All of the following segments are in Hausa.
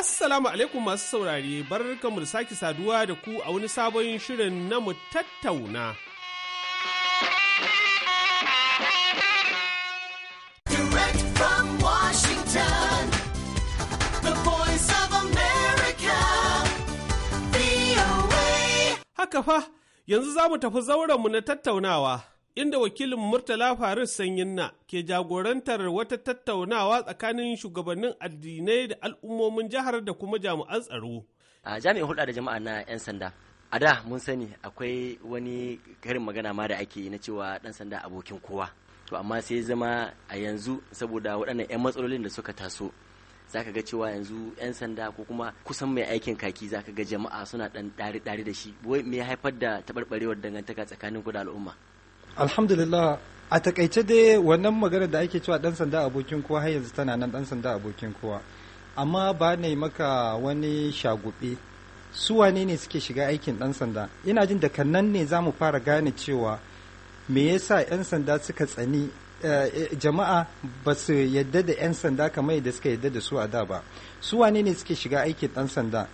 Assalamu alaikum masu saurare, barkamu da sake saduwa da ku a wani sabon shirin na mu tattauna. Haka fa, yanzu za mu tafi mu na tattaunawa. inda wakilin Murtala Faris Sanyinna ke jagorantar wata tattaunawa tsakanin shugabannin addinai da al'ummomin jihar da kuma jami'an tsaro. A jami'in hulɗa da jama'a na 'yan sanda, a da mun sani akwai wani karin magana ma da ake na cewa ɗan sanda abokin kowa. To amma sai zama a yanzu saboda waɗannan 'yan matsalolin da suka taso zaka ga cewa yanzu 'yan sanda ko kuma kusan mai aikin kaki zaka ga jama'a suna ɗan ɗari-ɗari da shi. Me ya haifar da taɓarɓarewar dangantaka tsakanin ku da al'umma? alhamdulillah a takaice dai wannan magana da ake cewa dan sanda abokin kowa har yanzu tana nan dan sanda abokin kowa amma ba ne maka wani shagube su wane ne suke shiga aikin dan sanda ina jin daga nan ne za mu fara gane cewa me yasa 'yan sanda suka tsani eh, eh, jama'a ba su yadda da 'yan sanda kamar yadda suka yadda da su a da ba su wane ne suke shiga aikin dan sanda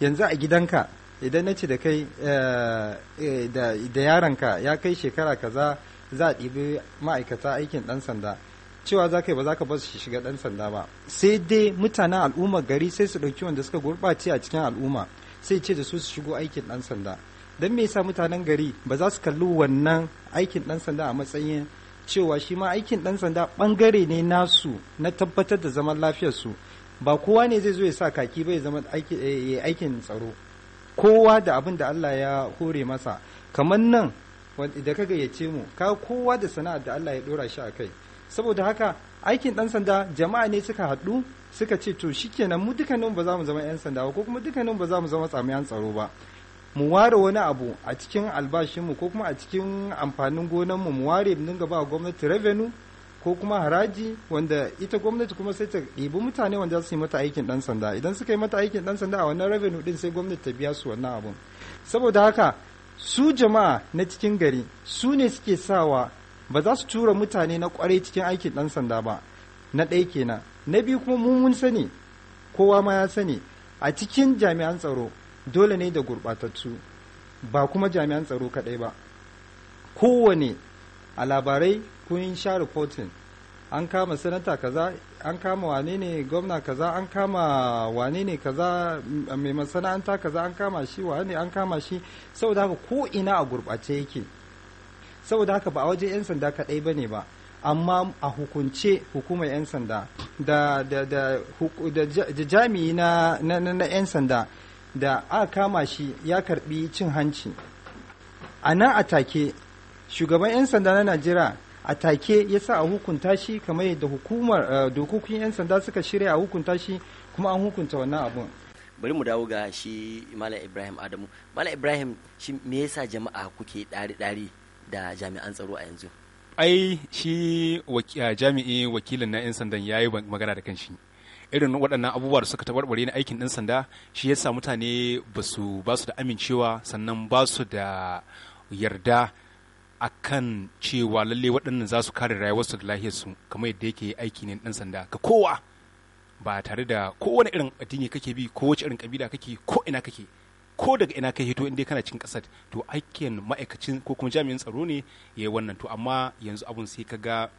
yanzu a gidanka idan na ce da kai eh, eh, da yaranka ya kai shekara kaza za a ɗibi ma'aikata aikin ɗan sanda cewa za ka yi ba za ka ba su shiga ɗan sanda ba sai dai mutanen al'umma gari sai su ɗauki wanda suka gurɓace a cikin al'umma sai ce da su su shigo aikin ɗan sanda don me yasa mutanen gari ba za su kalli wannan aikin ɗan sanda a matsayin cewa shi ma aikin ɗan sanda ɓangare ne nasu na tabbatar da zaman lafiyarsu ba kowa ne zai zo ya sa kaki ba ya zama eh, aikin tsaro kowa da abin da Allah ya hore masa kamar nan da ka gayyace mu ka kowa da sana'ar da Allah ya dora shi a kai saboda haka aikin dan sanda jama'a ne suka haɗu suka ce to shikenan mu dukkanin ba za mu zama 'yan sanda ba ko kuma dukkanin ba za mu zama tsamiyan tsaro ba mu ware wani abu a cikin albashinmu ko kuma a cikin amfanin gonanmu mu mu ware mu dinga ba gwamnati revenue ko kuma haraji wanda ita gwamnati kuma sai ta ɗibi mutane wanda za su yi mata aikin ɗan sanda idan suka yi mata aikin ɗan sanda a wannan revenue ɗin sai gwamnati ta biya su wannan abun saboda haka su jama'a na cikin gari su ne suke sawa ba za su tura mutane na kwarai cikin aikin ɗan sanda ba na ɗaya kenan na biyu kuma mu mun sani kowa ma ya sani a cikin jami'an tsaro dole ne da gurɓatattu ba kuma jami'an tsaro kaɗai ba kowane a labarai kun sha reporting an kama sanata kaza an kama wane ne gwamna kaza an kama wane ne kaza mai masana'anta kaza an kama shi wane an kama shi saboda haka ko ina a gurɓace yake saboda haka ba a waje 'yan sanda kaɗai ba ne ba amma a hukunce hukumar 'yan sanda da da da jami'i na na 'yan sanda da aka kama shi ya karbi cin hanci a nan a take shugaban 'yan sanda na najeriya a take ya sa a hukunta shi kamar yadda hukumar eh, dokokin 'yan sanda suka shirya a hukunta shi kuma an hukunta wannan abun bari mu dawo ga shi malam ibrahim adamu malam ibrahim shi me yasa jama'a kuke dari dari da jami'an tsaro a yanzu ai shi jami'i wakilin na 'yan sandan ya yi magana da kanshi irin waɗannan abubuwa da suka tabarbare na aikin ɗin sanda shi yasa mutane ba su da amincewa sannan ba su da yarda akan cewa lalle waɗannan za su kare rayuwarsu da lahiyarsu kamar yadda yake aiki ne ɗan sanda ga kowa ba tare da kowane irin addini kake bi ko wace irin kabila kake ko ina kake ko daga ina kai hito inda kana cikin ƙasar to aikin ma'aikacin ko kuma jami'in tsaro ne ya yi wannan to amma yanzu abun sai ka ga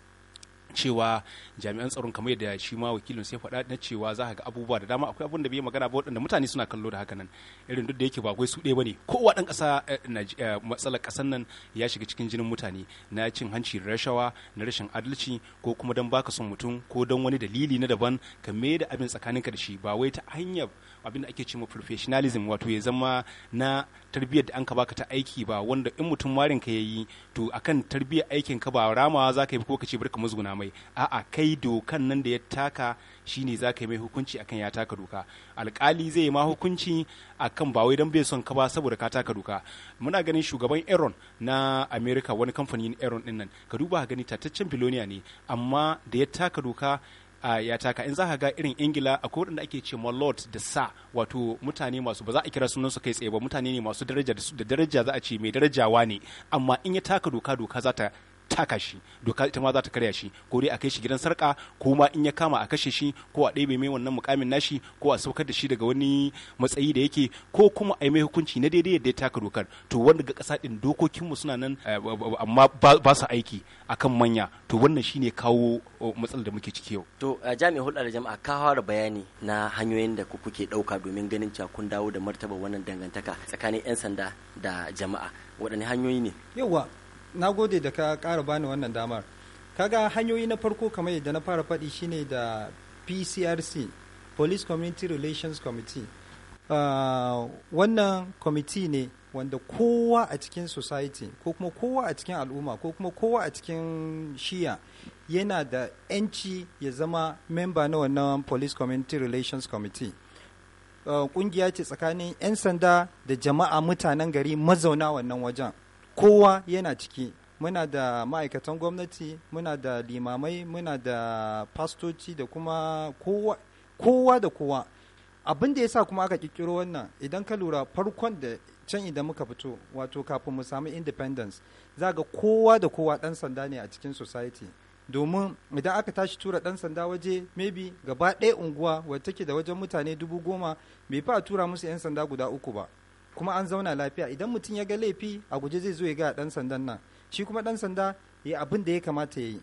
cewa jami'an tsaron kamar yadda shi ma wakilin sai faɗa na cewa za ka ga abubuwa da dama akwai abun da bai magana ba waɗanda mutane suna kallo da haka nan irin duk da yake ba kai su ɗaya bane kowa ɗan ƙasa eh, eh, matsalar ƙasar nan ya shiga cikin jinin mutane na cin hanci da rashawa na rashin adalci ko kuma don baka son mutum ko don wani dalili na daban ka mai da abin tsakaninka da shi ba wai ta hanyar abin da ake cewa professionalism wato ya zama na tarbiyyar da an ka baka ta aiki ba wanda in mutum marin ka yayi to akan tarbiyyar aikin ka ba ramawa zaka yi ko ka ce barka muzguna mai a'a kai dokan nan da ya taka shine zaka yi mai hukunci akan ya taka doka alkali zai yi ma hukunci akan ba wai dan bai son ka ba saboda ka taka doka muna ganin shugaban Aaron na America wani kamfanin Aaron din nan ka duba gani tataccen biloniya ne amma da ya taka doka ya taka in za ka ga irin ingila a kodin waɗanda ake ce lord da sa wato mutane masu ba za a kira sunan su kai tsaye ba mutane ne masu daraja da daraja za a ce mai darajawa ne amma in ya taka doka doka za ta taka shi doka ita ma za ta karya shi ko dai a kai shi gidan sarka ko ma in ya kama a kashe shi ko a ɗebe mai wannan mukamin nashi ko a saukar da shi daga wani matsayi da yake ko kuma a yi mai hukunci na daidai yadda ya taka dokar to wanda ga ƙasa ɗin dokokinmu suna nan eh, amma ba su aiki akan manya to wannan shi ne kawo matsalar da muke ciki yau to jami'in hulɗa da jama'a ka fara bayani na hanyoyin da kuke ɗauka domin ganin cewa kun dawo da martaba wannan dangantaka tsakanin 'yan sanda da jama'a waɗanne hanyoyi ne yawa na gode da ka ƙara bani wannan damar kaga hanyoyi na farko kamar yadda na fara faɗi shine da pcrc police community relations committee uh, wannan committee ne wanda kowa a cikin society ko kuma kowa a cikin al'umma ko kuma kowa a cikin shiya yana da 'yanci ya zama memba na wannan police community relations committee uh, ce tsakanin 'yan sanda da jama'a mutanen gari mazauna wannan wajen kowa yana ciki muna da ma'aikatan gwamnati muna da limamai muna da fastoci da kuma kowa, kowa da kowa abin da ya sa kuma aka kirkiro wannan idan ka lura farkon da can idan muka fito wato kafin mu samu independence za ga kowa da kowa ɗan sanda ne a cikin society domin idan aka tashi tura ɗan sanda waje maybe gaba ɗaya unguwa wadda take da wajen mutane dubu goma bai fi a tura musu 'yan sanda guda uku ba kuma an zauna lafiya idan mutum ya ga laifi a guje zai zo ya ga dan sandan nan shi kuma dan sanda ya abin da ya kamata ya yi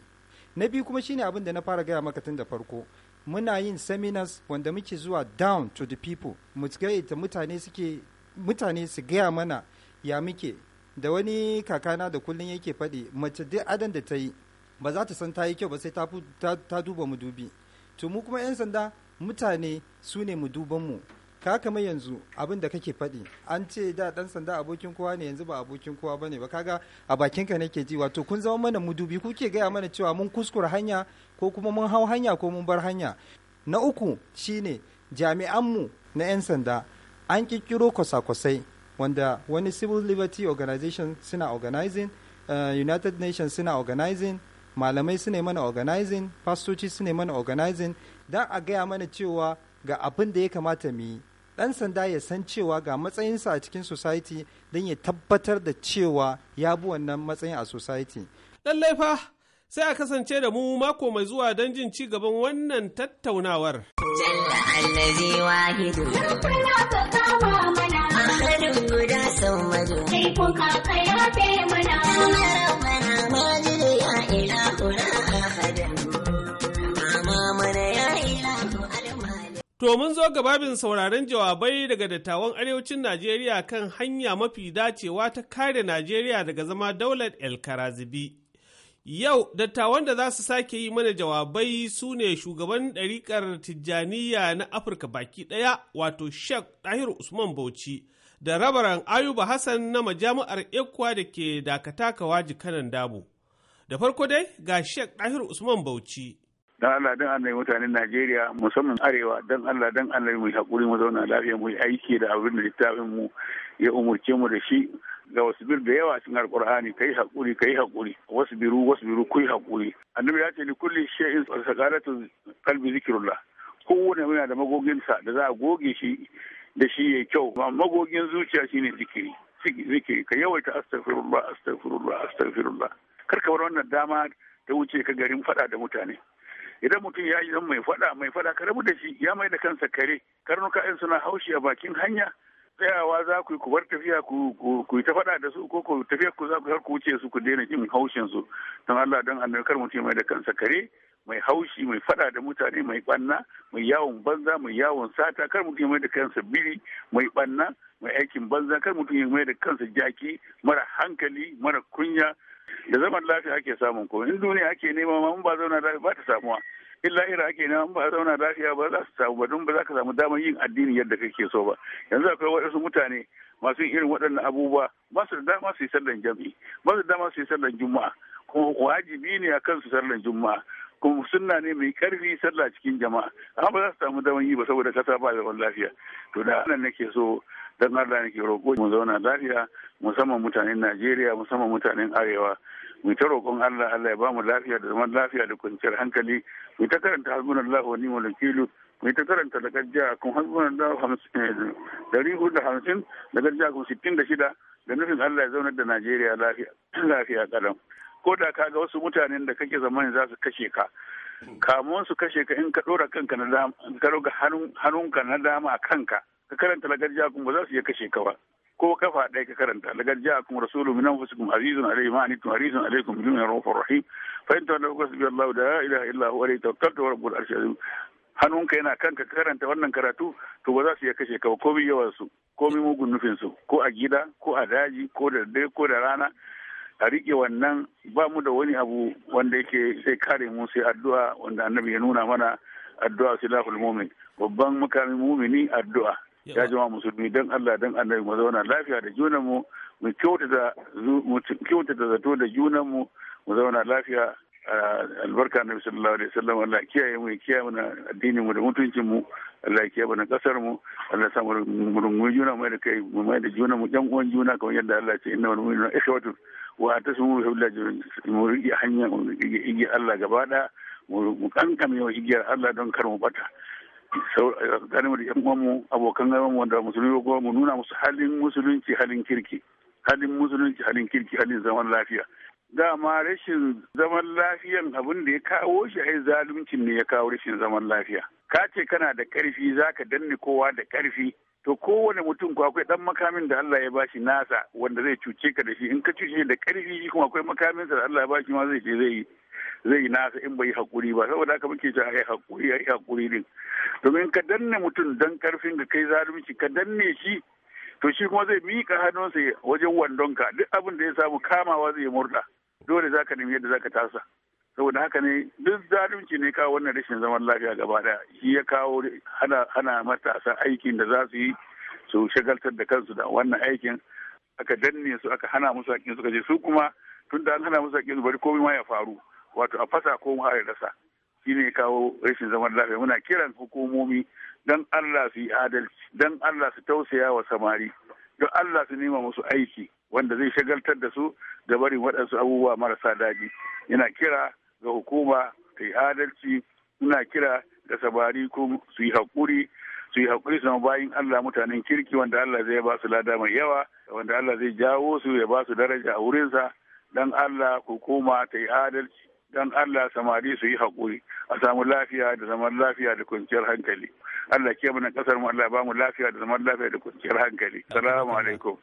na biyu kuma shine abin da na fara gaya maka tun da farko muna yin seminars wanda muke zuwa down to the people mu ita mutane suke mutane su gaya mana ya muke da wani kakana da kullun yake faɗi mace duk adan da ta yi ba za ta san ta yi kyau ba sai ta duba mu dubi to mu kuma 'yan sanda mutane su ne mu duban mu ka kamar yanzu abin da kake faɗi an ce da ɗan sanda abokin kowa ne yanzu ba abokin kowa ba ne ba kaga a bakinka nake ji wato kun zama mana mudubi kuke gaya mana cewa mun kuskura hanya ko kuma mun hau hanya ko mun bar hanya na uku shine mu na 'yan sanda an kikkiro kwasa-kwasai wanda wani civil liberty organization suna organizing uh, united nations suna organizing malamai suna mana organizing pastoci suna mana organizing don a gaya mana cewa ga abin da ya kamata mu yi ɗan sanda ya san cewa ga matsayinsa a cikin society don ya tabbatar da cewa ya bi wannan matsayin a society. Lallai fa sai a kasance da mu mako mai zuwa don jin ci gaban wannan tattaunawar. Jalla kun kaka ya mana. To mun zo gababin sauraron jawabai daga dattawan arewacin Najeriya kan hanya mafi dacewa ta kare Najeriya daga zama daular El Karazibi. Yau dattawan da za su sake yi mana jawabai su ne shugaban ɗariƙar Tijjaniya na Afirka baki ɗaya wato Sheikh Ɗahir Usman Bauchi da rabaran Ayuba Hassan na majami'ar Ekwa da ke dakata kawaji kanan damu. Da farko dai ga Sheikh Ɗahir Usman Bauchi. Dan Allah don Allah mutanen Najeriya musamman arewa dan Allah don Allah mu hakuri mu zauna lafiya mu aiki da abin da littafin mu ya umurce mu da shi ga wasu bir da yawa cikin alkur'ani kai hakuri kai hakuri wasu biru wasu biru kuyi hakuri annabi ya ce ni kulli shay'in sakaratu qalbi zikrullah kowane yana da magoginsa da za a goge shi da shi ya kyau Amma magogin zuciya shine zikiri zikiri ka yawaita astaghfirullah astaghfirullah astaghfirullah kar ka bar wannan dama ta wuce ka garin fada da mutane idan mutum ya yi zama mai fada mai fada ka rabu da shi ya mai da kansa kare karnuka in suna haushi a bakin hanya tsayawa za ku yi ku bar tafiya ku yi ta faɗa da su ko ku tafiya ku za ku har ku wuce su ku daina jin haushin su don Allah don annabi kar mutum mai da kansa kare mai haushi mai faɗa da mutane mai banna mai yawon banza mai yawon sata kar mutum mai da kansa biri mai ɓanna mai aikin banza kar mutum mai da kansa jaki mara hankali mara kunya da zaman lafiya ake samun ko in duniya ake nema ma in ba zauna lafiya ba ta samuwa in lahira ake nema in ba zauna lafiya ba za su samu ba don ba za ka samu damar yin addini yadda kake so ba yanzu akwai waɗansu mutane masu irin waɗannan abubuwa ba su da dama su yi sallan jami'i ba su da dama su yi sallan juma'a kuma wajibi ne a kansu sallan juma'a kuma sunna ne mai karfi sallah cikin jama'a amma ba za su samu damar yi ba saboda kasa ba zaman lafiya to da nan nake so don Allah ne ke roƙo mu zauna lafiya musamman mutanen Najeriya musamman mutanen Arewa mu ta roƙon Allah Allah ya bamu lafiya da zaman lafiya da kwanciyar hankali mu ta karanta hasbunallahu wa ni'mal wakil mu ta karanta da gajja kun hasbunallahu 50 eh, dari da hamsin da gajja kun sittin da shida da nufin Allah ya zaunar da Najeriya lafiya lafiya kalam ko da ka ga wasu mutanen da kake zamani za su kashe ka kamuwan su kashe ka in ka ɗora kanka na dama ka hannunka na dama a kanka ka karanta lagarjiya kuma ba za su iya kashe ka ba ko kafa ɗaya ka karanta lagarjiya kuma rasulu min anfusikum azizun alayhi ma anitum harisun alaykum bil mu'minin rahmanir rahim fa in tawallu fasbi Allahu la ilaha illa huwa alayhi tawakkaltu wa rabbul arshil azim hannunka yana kanka ka karanta wannan karatu to ba za su iya kashe ka ba komai yawan su komai mugun nufin su ko a gida ko a daji ko da dare ko da rana a riƙe wannan ba mu da wani abu wanda yake sai kare mu sai addu'a wanda annabi ya nuna mana addu'a silahul mumin babban mukamin mumini addu'a ya jima musulmi don Allah don annabi mu zauna lafiya da junan mu mu kyautata mu zato da junan mu mu zauna lafiya albarka annabi sallallahu alaihi wasallam Allah kiyaye mu kiyaye mu addinin mu da mutuncin mu Allah ya kiyaye mu na kasar mu Allah sa mu rungu juna mu da kai mu mai da juna mu dan uwan juna kamar yadda Allah ya ce inna wal mu'minuna ikhwatu wa tasmu bi billahi mu rigi hanya mu rigi Allah gaba da mu kankame wa igiyar Allah don kar mu bata Eh, tsakaninmu da yan uwanmu abokan gaban wanda musulmi ko mu nuna musu halin musulunci halin kirki halin musulunci halin kirki halin zaman lafiya dama rashin zaman lafiyan abin da ya kawo shi ai zaluncin ne ya kawo rashin zaman lafiya ka ce kana da karfi zaka danne kowa da karfi to kowane mutum ko akwai dan makamin da Allah ya bashi nasa wanda zai cuce ka da shi in ka cuce da karfi kuma akwai makamin da Allah ya bashi ma zai ce zai yi zai yi nasa in bai hakuri ba saboda haka muke cewa ai hakuri ai hakuri din domin ka danne mutum dan karfin ka kai zalunci ka danne shi to shi kuma zai mika hannunsa wajen wandonka duk abin da ya samu kamawa zai murda dole zaka nemi yadda zaka tasa saboda haka ne duk zalunci ne kawo wannan rashin zaman lafiya gaba daya shi ya kawo hana matasa aikin da za su yi su shagaltar da kansu da wannan aikin aka danne su aka hana musu aikin suka je su kuma tun da an hana musu aikin bari komai ma ya faru wato a fasa ko ma a rasa shi ne kawo rashin zaman lafiya muna kiran hukumomi don Allah su yi adalci don Allah su tausaya wa samari don Allah su nema musu aiki wanda zai shagaltar da su da barin waɗansu abubuwa marasa daɗi yana kira ga hukuma ta yi adalci muna kira ga samari su yi haƙuri su yi haƙuri su bayin Allah mutanen kirki wanda Allah zai ba su lada mai yawa wanda Allah zai jawo su ya ba su daraja a wurinsa don Allah hukuma ta yi adalci dan Allah samari su yi haƙuri a samu lafiya da zaman lafiya da kwanciyar hankali Allah ke mana ƙasar mu Allah ba mu lafiya da zaman lafiya da kwanciyar hankali salamu alaikum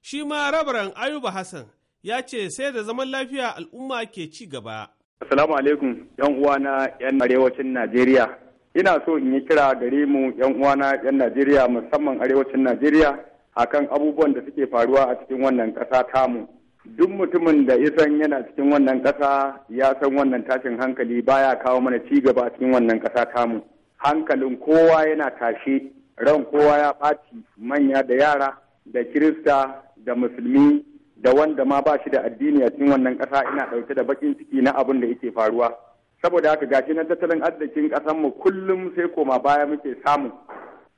shi ma rabaran ayuba hassan ya ce sai da zaman lafiya al'umma ke ci gaba assalamu alaikum yan uwana yan arewacin najeriya ina so in yi kira gare mu yan uwana yan najeriya musamman arewacin najeriya akan abubuwan da suke faruwa a cikin wannan ƙasa tamu duk mutumin da ya san yana cikin wannan ƙasa ya san wannan tashin hankali baya kawo mana ci gaba a cikin wannan ƙasa tamu hankalin kowa yana tashe ran kowa ya ɓaci manya da yara da kirista da musulmi da wanda ma ba shi da addini a cikin wannan ƙasa ina ɗauke da baƙin ciki na abin da yake faruwa saboda haka gashi na tattalin arzikin mu kullum sai koma baya muke samu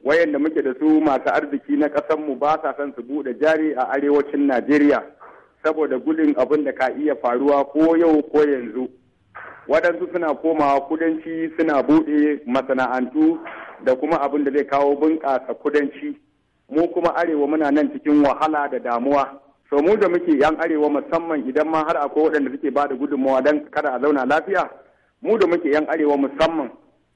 wayanda muke da su masu arziki na mu ba sa son su buɗe jari a arewacin najeriya saboda gudun abin da ka iya faruwa ko yau ko yanzu waɗansu suna komawa kudanci suna buɗe masana'antu da kuma abin da zai kawo bunƙasa kudanci mu kuma arewa muna nan cikin wahala da damuwa so mu da muke yan arewa musamman idan ma har akwai waɗanda suke ba da gudunmawa don kada a zauna lafiya mu da muke yan arewa musamman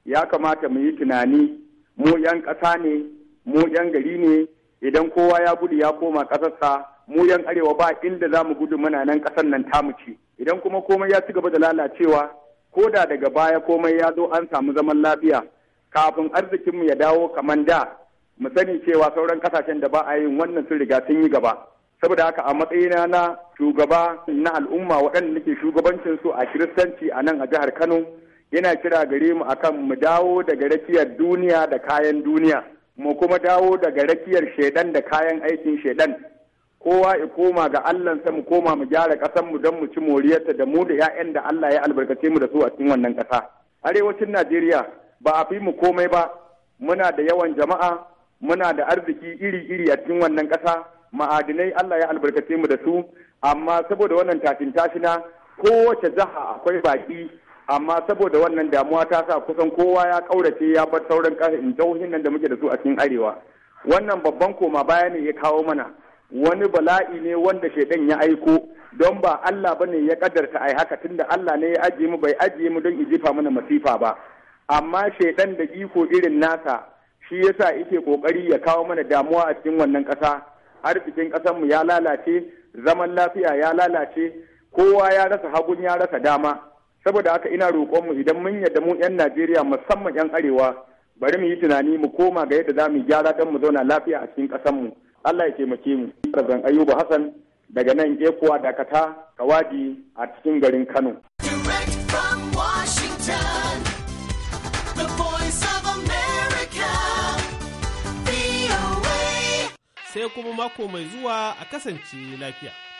ya kamata mu yi tunani mu yan ƙasa ne mu yan gari ne idan kowa ya gudu ya koma ƙasarsa mu yan arewa ba inda za mu gudu mana nan ƙasar nan ta ce idan kuma komai ya ci gaba da lalacewa ko da daga baya komai ya zo an samu zaman lafiya kafin arzikinmu ya dawo kamar da mu sani cewa sauran kasashen da ba a yin wannan sun riga sun yi gaba saboda haka a matsayina na shugaba na al'umma waɗanda nake shugabancin su a kiristanci a nan a jihar kano yana kira gare mu akan mu dawo daga rakiyar duniya da kayan duniya mu kuma dawo daga rakiyar shaidan da kayan aikin shaidan kowa ya koma ga Allah mu koma mu gyara ƙasar mu don mu ci moriyarta da mu da 'ya'yan da Allah ya albarkace mu da su a cikin wannan ƙasa arewacin Najeriya ba a fi mu komai ba muna da yawan jama'a muna da arziki iri-iri a cikin wannan ƙasa ma'adinai Allah ya albarkace mu da su amma saboda wannan tashin tashina kowace jiha akwai baki amma saboda wannan damuwa ta sa kusan kowa ya ƙaurace ya bar sauran jihohin nan da muke da su a cikin arewa wannan babban koma baya ne ya kawo mana wani bala'i ne wanda shaidan ya aiko don ba Allah bane ya kadarta ai haka tunda Allah ne ya ajiye mu bai ajiye mu don ijifa mana masifa ba amma shaidan da iko irin nasa shi yasa yake kokari ya kawo mana damuwa a cikin wannan ƙasa Har cikin mu ya lalace zaman lafiya ya lalace kowa ya rasa hagun ya rasa dama saboda haka ina roƙon mu idan mun yadda mu 'yan Najeriya musamman 'yan arewa bari mu yi tunani mu koma ga yadda za mu gyara dan mu zauna lafiya a cikin ƙasanmu. mu Allah ya taimake mu Razan Ayuba Hassan daga nan Ekuwa Dakata Kawadi a cikin garin Kano Sai kuma mako mai zuwa a kasance lafiya.